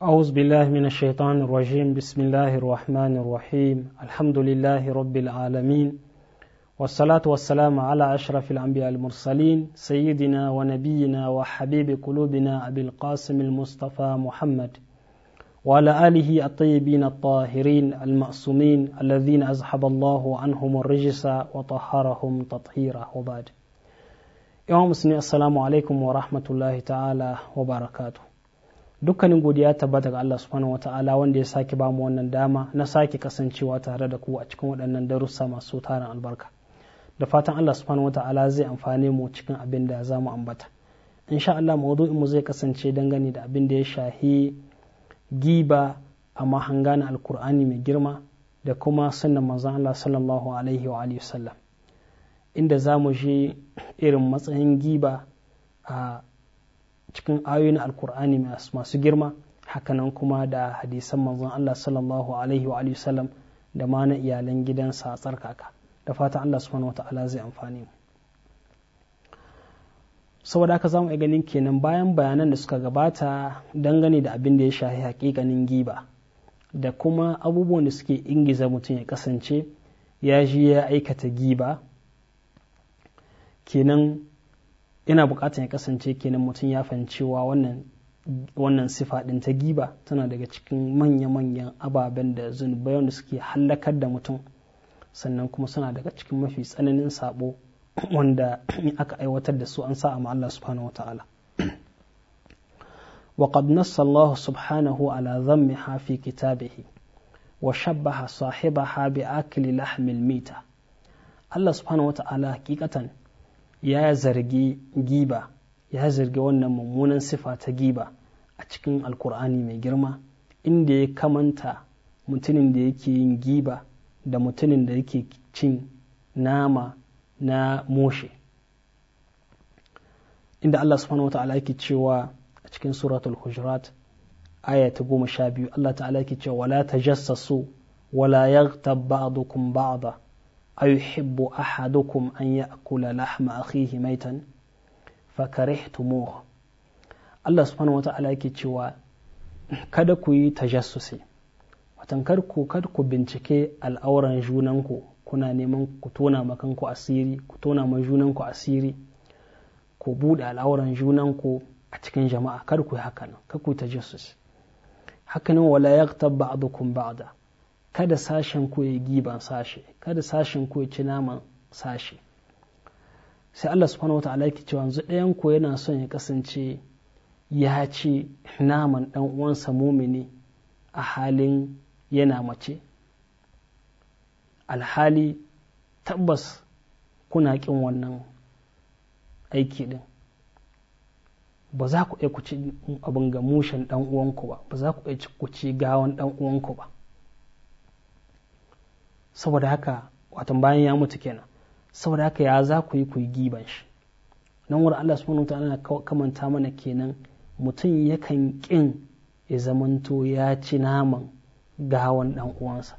أعوذ بالله من الشيطان الرجيم بسم الله الرحمن الرحيم الحمد لله رب العالمين والصلاة والسلام على أشرف الأنبياء المرسلين سيدنا ونبينا وحبيب قلوبنا أبي القاسم المصطفى محمد وعلى آله الطيبين الطاهرين المأسومين الذين أزحب الله عنهم الرجس وطهرهم تطهيرا وبعد يوم السلام عليكم ورحمة الله تعالى وبركاته dukkanin godiya tabbata ga Allah subhanahu wata'ala wanda ya sake ba mu wannan dama na sake kasancewa tare da ku a cikin waɗannan darussa masu tarin albarka da fatan Allah subhanahu wata'ala zai amfane mu cikin abin da za mu ambata sha Allah mawdu'in mu zai kasance dangane da abin da ya shahi giba a mahangana alkur'ani mai girma da kuma sunnan manzon Allah sallallahu alaihi wa alihi wasallam inda za mu je irin matsayin giba a cikin ayoyin alkur'ani masu girma hakanan kuma da hadisan manzon Allah sallallahu alaihi wa alihi sallam da ma na iyalan gidansa tsarkaka da fata Allah subhanahu ta'ala zai amfani mu saboda haka zamu ganin kenan bayan bayanan da suka gabata dangane da abin da ya shafi hakikanin giba da kuma abubuwan da suke ingiza mutum ya kasance ya ji ya aikata giba kenan yana bukatar ya kasance kenan mutum ya fahimcewa wannan wannan sifa ɗin ta giba tana daga cikin manya-manyan ababen da zunubai wanda suke hallakar da mutum sannan kuma suna daga cikin mafi tsananin sabo wanda aka aiwatar da su an sa amma Allah subhanahu wa ta'ala subhanahu ala dhammi ha fi ذمها wa shabbaha sahibaha bi akli lahmil mita Allah subhanahu wa ta'ala hakikatan ya zargi giba ya zargi wannan mummunan sifa ta giba a cikin alkur'ani mai girma inda ya kamanta mutumin da yake yin giba da mutumin da yake cin nama na moshe inda Allah subhanahu wa ta'ala yake cewa a cikin suratul hujurat aya ta goma sha biyu Allah ta'ala yake cewa wala tajassasu wala yaghtab ba'dukum ba'da ayuhibbu ahadukum an ya'kula lahma akhihi maitan fakarihtumuh Allah subhanahu wata'ala yake cewa kada ku yi tajassusi watan kar ku kar ku bincike al'auran junanku kuna neman ku tona ma asiri ku tona ma junanku asiri ku buɗe al'auran junanku a cikin jama'a kar ku yi haka nan kar ku yi haka nan wala yaqtab ba'dukum ba'da kada sashen ko ya giban sashe kada sashen ko ya ci naman sashe sai Allah subhanahu wa ta'ala yake cewa yanzu ɗayan ko yana son ya kasance ya ci naman ɗan uwansa mumini a halin yana mace alhali tabbas kuna kin wannan aiki ɗin ba za ku iya ku ci abin ga mushen ɗan uwanku ba ba za ku iya ku ci gawan ɗan uwanku ba saboda haka watan bayan ya mutu kenan saboda haka ya za ku yi ku yi giban shi nan wurin Allah subhanahu wataala na kamanta mana kenan mutum yakan kin ya zamanto ya ci naman gawan dan uwansa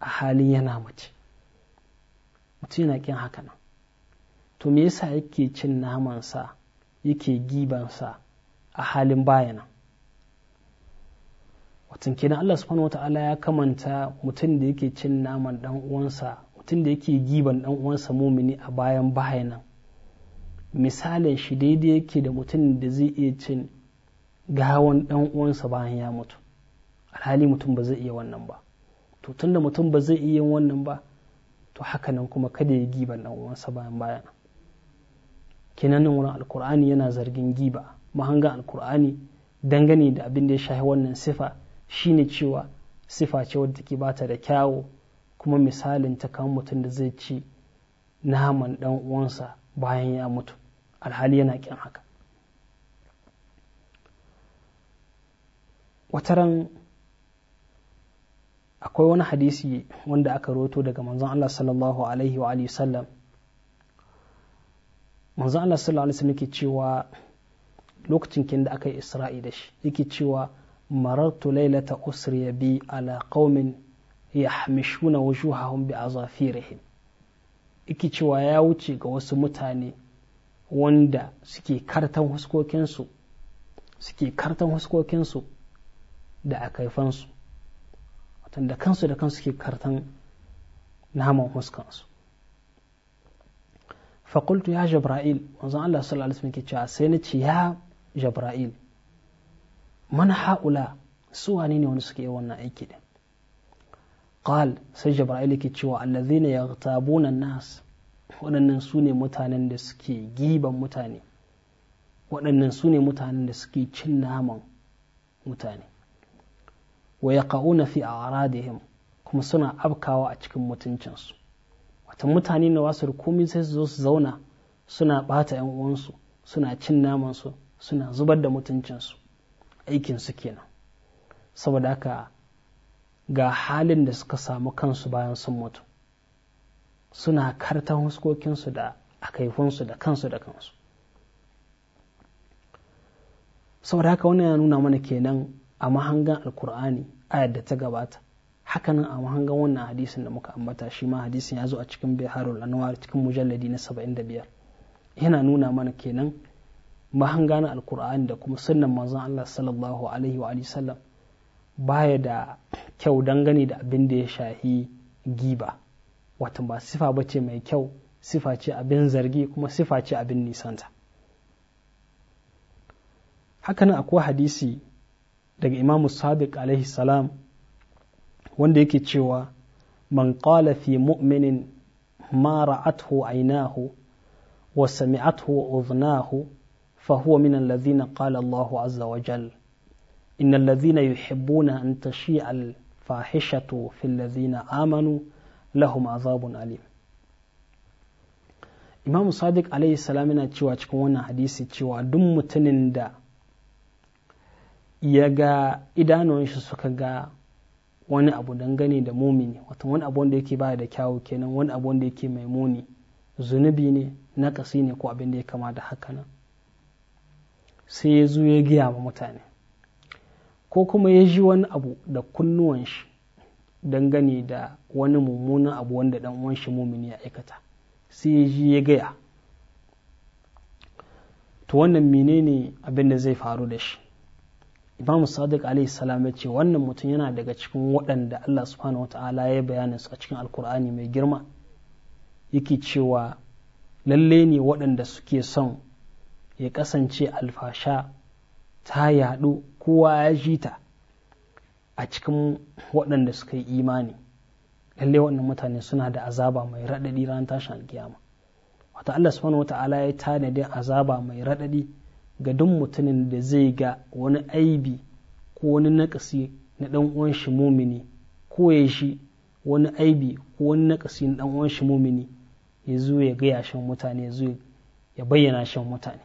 a halin yana mace mutum yana kin haka nan to me yasa yake cin naman sa yake giban sa a halin bayanan watan kenan Allah subhanahu wata'ala ya kamanta mutum da yake cin naman dan uwansa mutum da yake giban dan uwansa mumini a bayan bayanan misalin shi daidai yake da mutum da zai iya cin gawan dan uwansa bayan ya mutu alhali mutum ba zai iya wannan ba to tunda mutum ba zai iya wannan ba to haka nan kuma kada ya giban dan uwansa bayan bayan kenan nan wurin alkur'ani yana zargin giba mahanga alkur'ani dangane da abin da ya shahi wannan sifa shine cewa sifa ce wadda take bata da kyawu kuma misalin ta kan mutum da zai ci naman dan uwansa bayan ya mutu alhali yana kin haka wataran akwai wani hadisi wanda aka roto daga manzon Allah sallallahu alaihi wa alihi sallam manzon Allah sallallahu alaihi wasallam yake cewa lokacin kin da aka yi Isra'i da shi yake cewa marartu ليلة usriya bi ala قوم يحمشون وجوههم بأظافيرهم iki cewa ya wuce ga wasu mutane wanda suke kartan huskokinsu suke kartan huskokinsu da akaifansu watan da kansu da kansu suke kartan naman huskansu faƙultu ya jabra'il wanzan Allah sallallahu alaihi wasallam ke cewa sai na ce ya jabra'il man haula su wani ne wani suke yi wannan aiki din qal sai jibril yake cewa allazina yaghtabuna nas waɗannan su ne mutanen da suke giban mutane waɗannan su ne mutanen da suke cin naman mutane wa yaqauna fi a'radihim kuma suna abkawa a cikin mutuncinsu wata mutane na wasu komai sai su zo su zauna suna ɓata 'yan uwansu suna cin namansu suna zubar da mutuncinsu aikinsu kenan saboda haka ga halin da suka samu kansu bayan sun mutu suna kartan huskokinsu da akaifinsu da kansu da kansu saboda haka wannan ya nuna mana kenan a mahangan alkur'ani ayar da ta gabata hakanan a mahangan wannan hadisin da muka ambata shi ma hadisin ya zo a cikin biharul anwar cikin mujalladi na 75 yana nuna mana kenan mahangana alkur'ani da kuma sunan manzon Allah sallallahu alaihi wa sallam baya da kyau dangane da abin da ya shahi giba watan ba sifa ba ce mai kyau sifa ce abin zargi kuma sifa ce abin nisanta hakanan akwai hadisi daga imamu sadiq alaihi salam wanda yake cewa man qala fi mu'minin ma ra'athu ainahu wa sami'athu udhnahu فهو من الذين قال الله عز وجل إن الذين يحبون أن تشيع الفاحشة في الذين آمنوا lahum azabun alim imam sadiq alayhi salam yana cewa cikin wannan hadisi cewa duk mutumin da ya ga idanun shi suka ga wani abu dangane da mumini wato wani abu wanda yake baya da kyawu kenan wani abu wanda yake mai muni zunubi ne nakasi ne ko abin da ya kama da haka nan sai ya zo ya giya ma mutane ko kuma ya ji wani abu da kunnuwan shi dangane da wani mummunan abu wanda dan uwan shi mumini ya aikata sai ya ji ya gaya to wannan menene abin da zai faru da shi imam sadiq alaihi salam ya ce wannan mutum yana daga cikin waɗanda allah subhanahu wataala ya bayana su a cikin alkur'ani mai girma yake cewa lalle ne waɗanda suke son ya kasance alfasha ta yaɗu kowa ya ji ta a cikin waɗanda suka yi imani lallai waɗannan mutane suna da azaba mai raɗaɗi ran tashin kiyama wata Allah subhanahu wata'ala ya da azaba mai raɗaɗi ga duk mutumin da zai ga wani aibi ko wani naƙasi na ɗan uwan shi mumini ko ya shi wani aibi ko wani naƙasi na ɗan uwan shi mumini ya zo ya gaya shan mutane ya zo ya bayyana shan mutane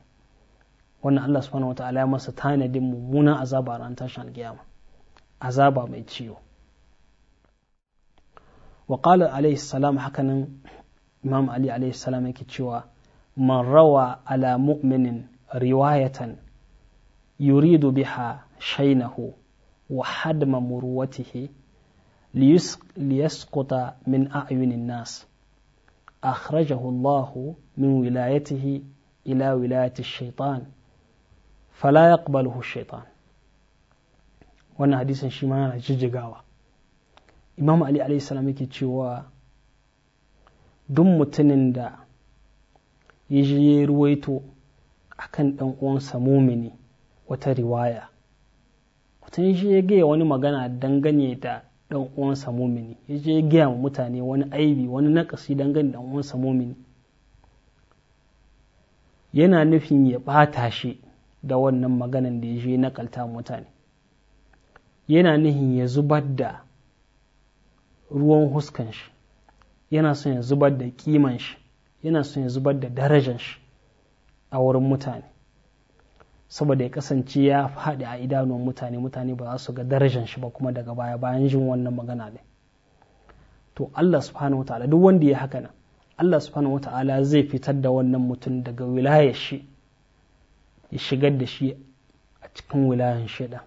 wannan Allah subhanahu wa ta'ala ya masa tanadin mummunan azaba ran tashin alkiyama azaba mai ciwo wa qala alayhi salam hakanan imam ali alayhi salam yake cewa man rawa ala mu'minin riwayatan yuridu biha shainahu wa hadma murwatihi ليسقط من أعين الناس أخرجه الله من ولايته إلى ولاية الشيطان fala yaqbaluhu shaitan wannan hadisin shi ma yana jijjigawa imam ali alayhi salam yake cewa duk mutumin da ya ji ya ruwaito akan dan uwansa mumini wata riwaya mutum shi ya gaya wani magana dangane da dan uwansa mumini ya je ya gaya wa mutane wani aibi wani nakasi dangane da uwansa mumini yana nufin ya ɓata shi da wannan maganan da ya je na kalta mutane yana nihin ya zubar da ruwan huskan shi yana son ya zubar da kiman shi yana son ya zubar da darajan shi a wurin mutane saboda ya kasance ya faɗi a idanun mutane mutane ba za su ga darajan shi ba kuma daga baya bayan jin wannan magana ne to Allah subhanahu wa duk wanda ya haka nan Allah subhanahu wa zai fitar da wannan mutum daga wilayar shi ya shigar da shi a cikin wilayen shida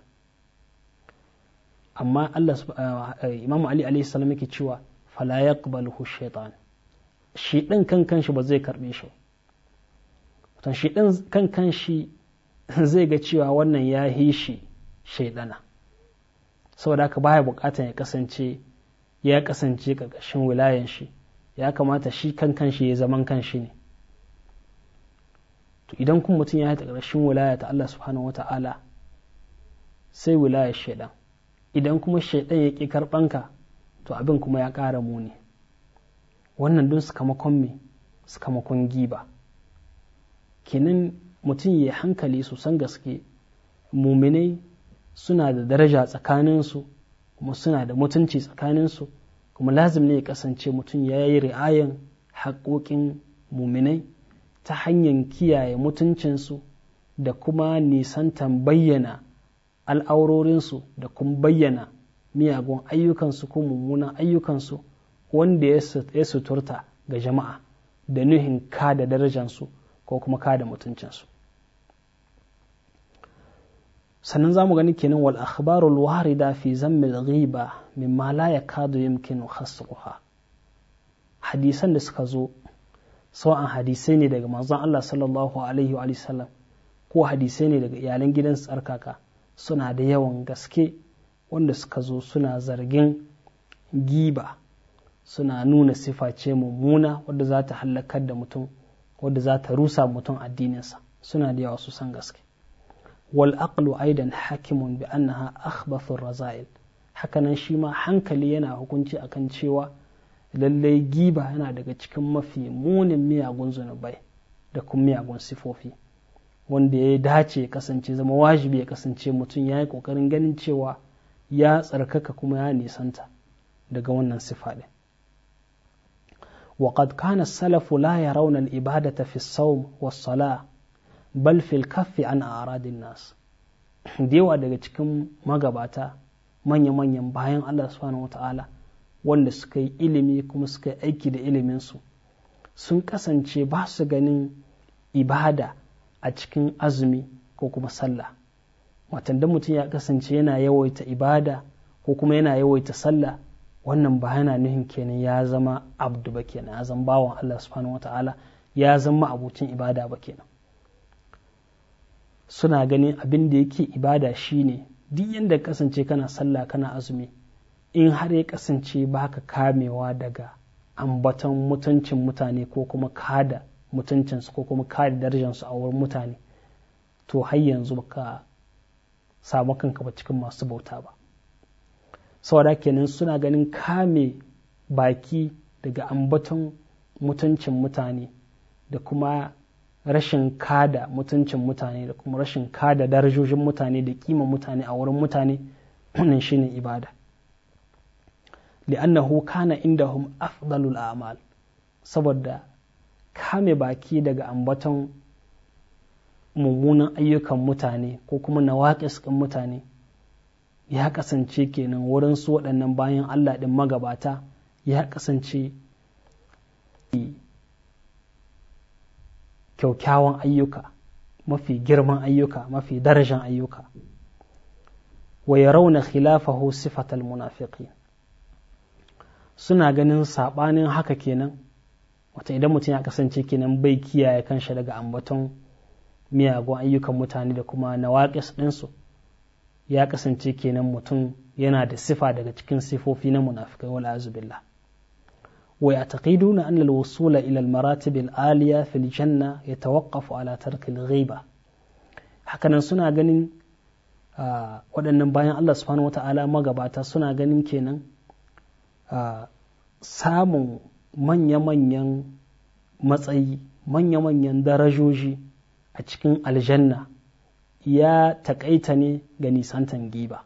amma Allah ah, eh, Imam Ali alayhi salam yake cewa fala yaqbaluhu shaitan shi din kan kanshi ba zai karbe shi to shi din kan kanshi zai ga cewa wannan ya hi shi shaidana saboda haka baya bukatan ya kasance ya kasance karkashin wilayen shi ya kamata shi kan kanshi ya zaman kanshi ne to idan kun mutum ya yi ƙarshen wilaya ta Allah subhanahu ta’ala sai wilaya shaidan idan kuma shaidan ya ƙi karɓanka to abin kuma ya ƙara muni wannan don sakamakon me sakamakon giba kenan mutum ya hankali su san gaske muminai suna da daraja tsakaninsu kuma suna da mutunci tsakaninsu kuma lazim ne ya kasance mutum ya yi ri'ayan haƙoƙin muminai ta hanyar kiyaye mutuncinsu da kuma nisantan bayyana al'aurorinsu da kuma bayyana miyagun ayyukansu ko mummunan ayyukansu wanda ya suturta ga jama'a da nuhin kada darajansu ko kuma kada mutuncinsu sannan za mu gani kenan wal akhbarul warida fi zammil ghiba mimma la yakadu yumkinu khasruha hadisan da suka zo sawa'an hadisai ne daga manzon Allah sallallahu alaihi wa ko hadisai ne daga iyalan gidan tsarkaka suna da yawan gaske wanda suka zo suna zargin giba suna nuna sifa ce mummuna wadda za ta hallakar da mutum wadda za ta rusa mutum addininsa suna da yawa su san gaske wal aqlu aidan hakimun bi annaha akhbathur razail hakanan shi ma hankali yana hukunci akan cewa lallai giba yana daga cikin mafi munin miyagun zunubai da kuma miyagun sifofi wanda ya dace ya kasance zama wajibi ya kasance mutum ya yi kokarin ganin cewa ya tsarkaka kuma ya nisanta daga wannan sifa ɗin وقد كان السلف لا يرون الإبادة في الصوم والصلاة بل في الكف عن أعراض الناس ديوا daga cikin magabata manya-manyan bayan Allah subhanahu wa wanda suka yi ilimi kuma suka yi aiki da iliminsu sun kasance ba su ganin ibada a cikin azumi ko kuma sallah watan da mutum ya kasance yana yawaita ibada ko kuma yana yawaita sallah wannan ba yana nuhin kenan ya zama abdu ba kenan ya zama bawan Allah subhanahu wata'ala ya zama abucin ibada ba kenan suna ganin abin da yake ibada shine duk yadda kasance kana sallah kana azumi in har ya kasance baka kamewa daga ambaton mutuncin mutane ko kuma kada mutuncinsu ko kuma kada darajansu a wurin mutane to har yanzu ba ka samu kanka ba cikin masu bauta ba saboda kenan suna ganin kame baki daga ambaton mutuncin mutane da kuma rashin kada mutuncin mutane da kuma rashin kada darajojin mutane da kima mutane a wurin mutane wannan shine ibada li'annahu kana indahum afdalul a'mal saboda kame baki daga ambaton mummunan ayyukan mutane ko kuma na ɗin mutane ya kasance kenan wurin su waɗannan bayan Allah ɗin magabata ya kasance kyaukyawan ayyuka mafi girman ayyuka mafi darajan ayyuka wa ya rauna khilafahu sifatal munafiqin suna ganin saɓanin haka kenan wata idan mutum ya kasance kenan bai kiyaye kanshi daga ambaton miyagun ayyukan mutane da kuma na ɗinsu ya kasance kenan mutum yana da sifa daga cikin sifofi na munafikai wala azubillah wa ya'taqiduna anna al-wusula ila al-maratib al-aliya fil janna yatawaqqafu ala tark al-ghiba hakanan suna ganin ah, waɗannan bayan Allah subhanahu wata'ala magabata suna ganin kenan samun manya-manyan matsayi manya-manyan darajoji a cikin aljanna ya takaita ne ga nisantan giba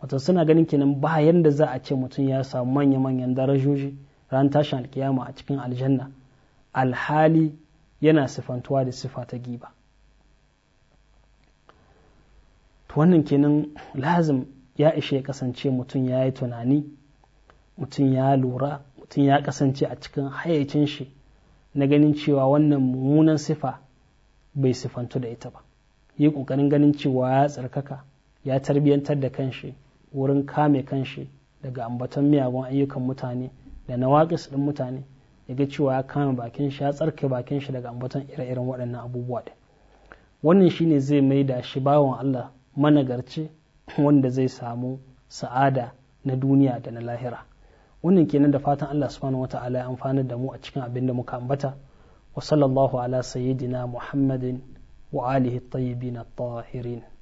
Wata suna ganin kenan bayan da za a ce mutum ya samu manya-manyan darajoji ran tashin alkiyama a cikin aljanna alhali yana sifantuwa da sifa ta giba wannan kenan lazim ya ishe kasance mutum ya yi tunani mutum ya lura mutum ya kasance a cikin hayyacin shi na ganin cewa wannan mummunan sifa bai sifantu da ita ba yi ƙoƙarin ganin cewa ya tsarkaka ya tarbiyantar da kanshi wurin kame kanshi daga ambaton miyagun ayyukan mutane da na su ɗin mutane ya ga cewa ya kame bakin shi ya tsarke bakin shi daga ambaton ire-iren waɗannan abubuwa ɗin wannan shine zai mai da shi bawan Allah managarci wanda zai samu sa'ada na duniya da na lahira wannan kenan da fatan Allah subhanahu wata'ala ya amfanar da mu a cikin abin da muka ambata wa sallallahu ala sayyidina muhammadin wa alihi tayyibin at-tahirin